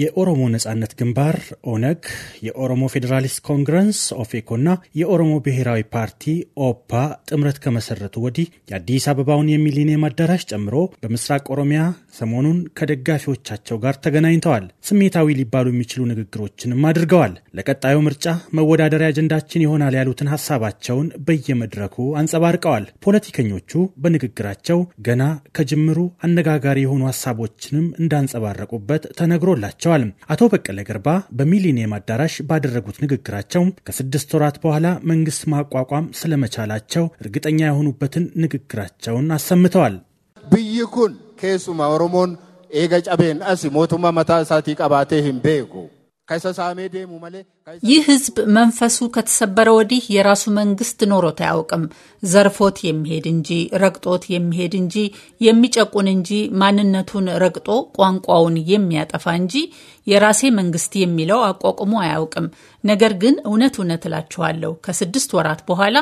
የኦሮሞ ነጻነት ግንባር ኦነግ፣ የኦሮሞ ፌዴራሊስት ኮንግረስ ኦፌኮና የኦሮሞ ብሔራዊ ፓርቲ ኦፓ ጥምረት ከመሰረቱ ወዲህ የአዲስ አበባውን የሚሊኒየም አዳራሽ ጨምሮ በምስራቅ ኦሮሚያ ሰሞኑን ከደጋፊዎቻቸው ጋር ተገናኝተዋል። ስሜታዊ ሊባሉ የሚችሉ ንግግሮችንም አድርገዋል። ለቀጣዩ ምርጫ መወዳደሪያ አጀንዳችን ይሆናል ያሉትን ሀሳባቸውን በየመድረኩ አንጸባርቀዋል። ፖለቲከኞቹ በንግግራቸው ገና ከጅምሩ አነጋጋሪ የሆኑ ሀሳቦችንም እንዳንጸባረቁበት ተነግሮላቸው ተናግረዋል። አቶ በቀለ ገርባ በሚሊኒየም አዳራሽ ባደረጉት ንግግራቸው ከስድስት ወራት በኋላ መንግስት ማቋቋም ስለመቻላቸው እርግጠኛ የሆኑበትን ንግግራቸውን አሰምተዋል። ብይኩን ኬሱማ ኦሮሞን ኤገ ጨቤን አሲ ሞቱማ መታ እሳቲ ቀባቴ ሂን ይህ ህዝብ መንፈሱ ከተሰበረ ወዲህ የራሱ መንግስት ኖሮት አያውቅም። ዘርፎት የሚሄድ እንጂ፣ ረግጦት የሚሄድ እንጂ፣ የሚጨቁን እንጂ፣ ማንነቱን ረግጦ ቋንቋውን የሚያጠፋ እንጂ የራሴ መንግስት የሚለው አቋቁሞ አያውቅም። ነገር ግን እውነት እውነት እላችኋለሁ ከስድስት ወራት በኋላ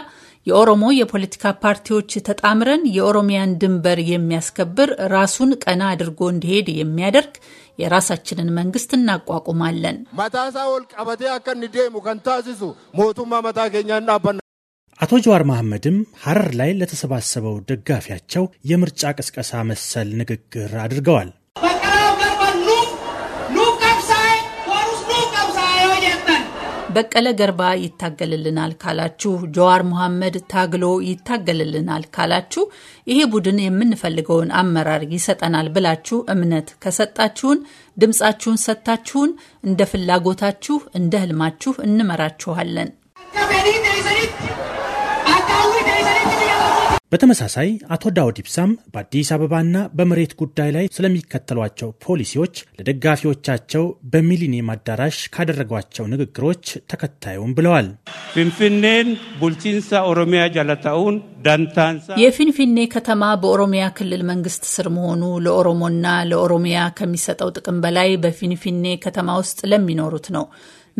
የኦሮሞ የፖለቲካ ፓርቲዎች ተጣምረን የኦሮሚያን ድንበር የሚያስከብር ራሱን ቀና አድርጎ እንዲሄድ የሚያደርግ የራሳችንን መንግስት እናቋቁማለን። መታሳ ወልቀበቴ አከን ዴሙ ሞቱማ መታ ኬኛ አቶ ጀዋር መሐመድም ሐረር ላይ ለተሰባሰበው ደጋፊያቸው የምርጫ ቅስቀሳ መሰል ንግግር አድርገዋል። በቀለ ገርባ ይታገልልናል ካላችሁ፣ ጀዋር መሐመድ ታግሎ ይታገልልናል ካላችሁ፣ ይሄ ቡድን የምንፈልገውን አመራር ይሰጠናል ብላችሁ እምነት ከሰጣችሁን፣ ድምፃችሁን ሰጥታችሁን፣ እንደ ፍላጎታችሁ እንደ ህልማችሁ እንመራችኋለን። በተመሳሳይ አቶ ዳውድ ኢብሳም በአዲስ አበባና በመሬት ጉዳይ ላይ ስለሚከተሏቸው ፖሊሲዎች ለደጋፊዎቻቸው በሚሊኒየም አዳራሽ ካደረጓቸው ንግግሮች ተከታዩም ብለዋል። ፊንፊኔን ቡልቺንሳ ኦሮሚያ ጃለታውን ዳንታንሳ የፊንፊኔ ከተማ በኦሮሚያ ክልል መንግስት ስር መሆኑ ለኦሮሞና ለኦሮሚያ ከሚሰጠው ጥቅም በላይ በፊንፊኔ ከተማ ውስጥ ለሚኖሩት ነው።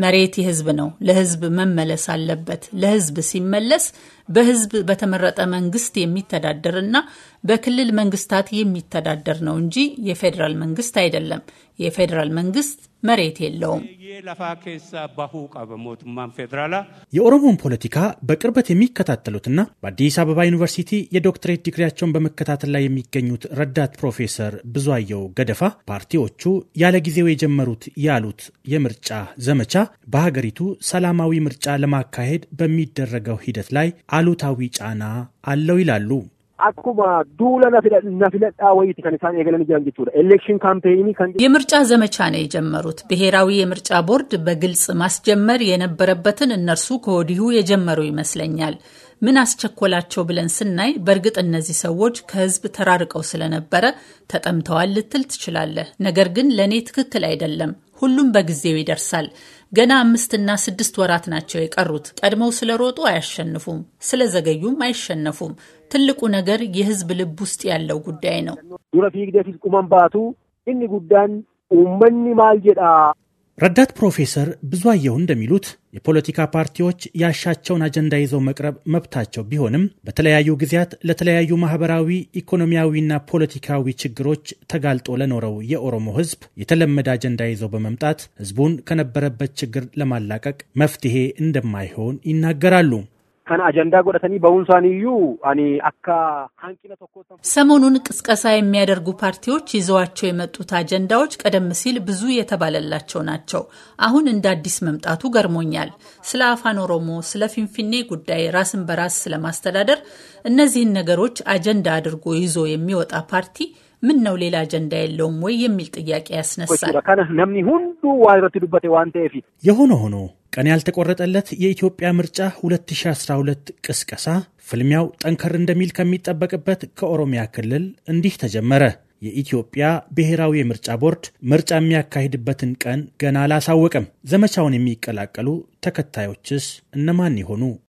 መሬት የህዝብ ነው፣ ለህዝብ መመለስ አለበት። ለህዝብ ሲመለስ በህዝብ በተመረጠ መንግስት የሚተዳደርና በክልል መንግስታት የሚተዳደር ነው እንጂ የፌዴራል መንግስት አይደለም። የፌዴራል መንግስት መሬት የለውም። የኦሮሞን ፖለቲካ በቅርበት የሚከታተሉትና በአዲስ አበባ ዩኒቨርሲቲ የዶክትሬት ዲግሪያቸውን በመከታተል ላይ የሚገኙት ረዳት ፕሮፌሰር ብዙአየሁ ገደፋ ፓርቲዎቹ ያለ ጊዜው የጀመሩት ያሉት የምርጫ ዘመቻ በሀገሪቱ ሰላማዊ ምርጫ ለማካሄድ በሚደረገው ሂደት ላይ አሉታዊ ጫና አለው ይላሉ። akkuma duula na filadhaa wayiiti kan isaan eegalanii jiran jechuudha. kan የምርጫ ዘመቻ ነው የጀመሩት። ብሔራዊ የምርጫ ቦርድ በግልጽ ማስጀመር የነበረበትን እነርሱ ከወዲሁ የጀመሩ ይመስለኛል። ምን አስቸኮላቸው ብለን ስናይ በእርግጥ እነዚህ ሰዎች ከህዝብ ተራርቀው ስለነበረ ተጠምተዋል ልትል ትችላለህ። ነገር ግን ለእኔ ትክክል አይደለም። ሁሉም በጊዜው ይደርሳል። ገና አምስትና ስድስት ወራት ናቸው የቀሩት። ቀድመው ስለሮጡ አያሸንፉም፣ ስለዘገዩም አይሸነፉም። ትልቁ ነገር የህዝብ ልብ ውስጥ ያለው ጉዳይ ነው። ዱረፊ ፊግደፊት ቁመን ባቱ እኒ ጉዳን ኡመኒ ማል ጀዳ ረዳት ፕሮፌሰር ብዙአየሁ እንደሚሉት የፖለቲካ ፓርቲዎች ያሻቸውን አጀንዳ ይዘው መቅረብ መብታቸው ቢሆንም በተለያዩ ጊዜያት ለተለያዩ ማህበራዊ፣ ኢኮኖሚያዊና ፖለቲካዊ ችግሮች ተጋልጦ ለኖረው የኦሮሞ ሕዝብ የተለመደ አጀንዳ ይዘው በመምጣት ሕዝቡን ከነበረበት ችግር ለማላቀቅ መፍትሄ እንደማይሆን ይናገራሉ። kana አጀንዳ ጎደተኒ በአሁን አኒ አካ ሀንቂነ ቶኮ ሰሞኑን ቅስቀሳ የሚያደርጉ ፓርቲዎች ይዘዋቸው የመጡት አጀንዳዎች ቀደም ሲል ብዙ የተባለላቸው ናቸው። አሁን እንደ አዲስ መምጣቱ ገርሞኛል። ስለ አፋን ኦሮሞ፣ ስለ ፊንፊኔ ጉዳይ፣ ራስን በራስ ስለማስተዳደር፣ እነዚህን ነገሮች አጀንዳ አድርጎ ይዞ የሚወጣ ፓርቲ ምን ነው ሌላ አጀንዳ የለውም ወይ የሚል ጥያቄ ያስነሳል። የሆነ ሆኖ ቀን ያልተቆረጠለት የኢትዮጵያ ምርጫ 2012 ቅስቀሳ ፍልሚያው ጠንከር እንደሚል ከሚጠበቅበት ከኦሮሚያ ክልል እንዲህ ተጀመረ። የኢትዮጵያ ብሔራዊ የምርጫ ቦርድ ምርጫ የሚያካሂድበትን ቀን ገና አላሳወቀም። ዘመቻውን የሚቀላቀሉ ተከታዮችስ እነማን ይሆኑ?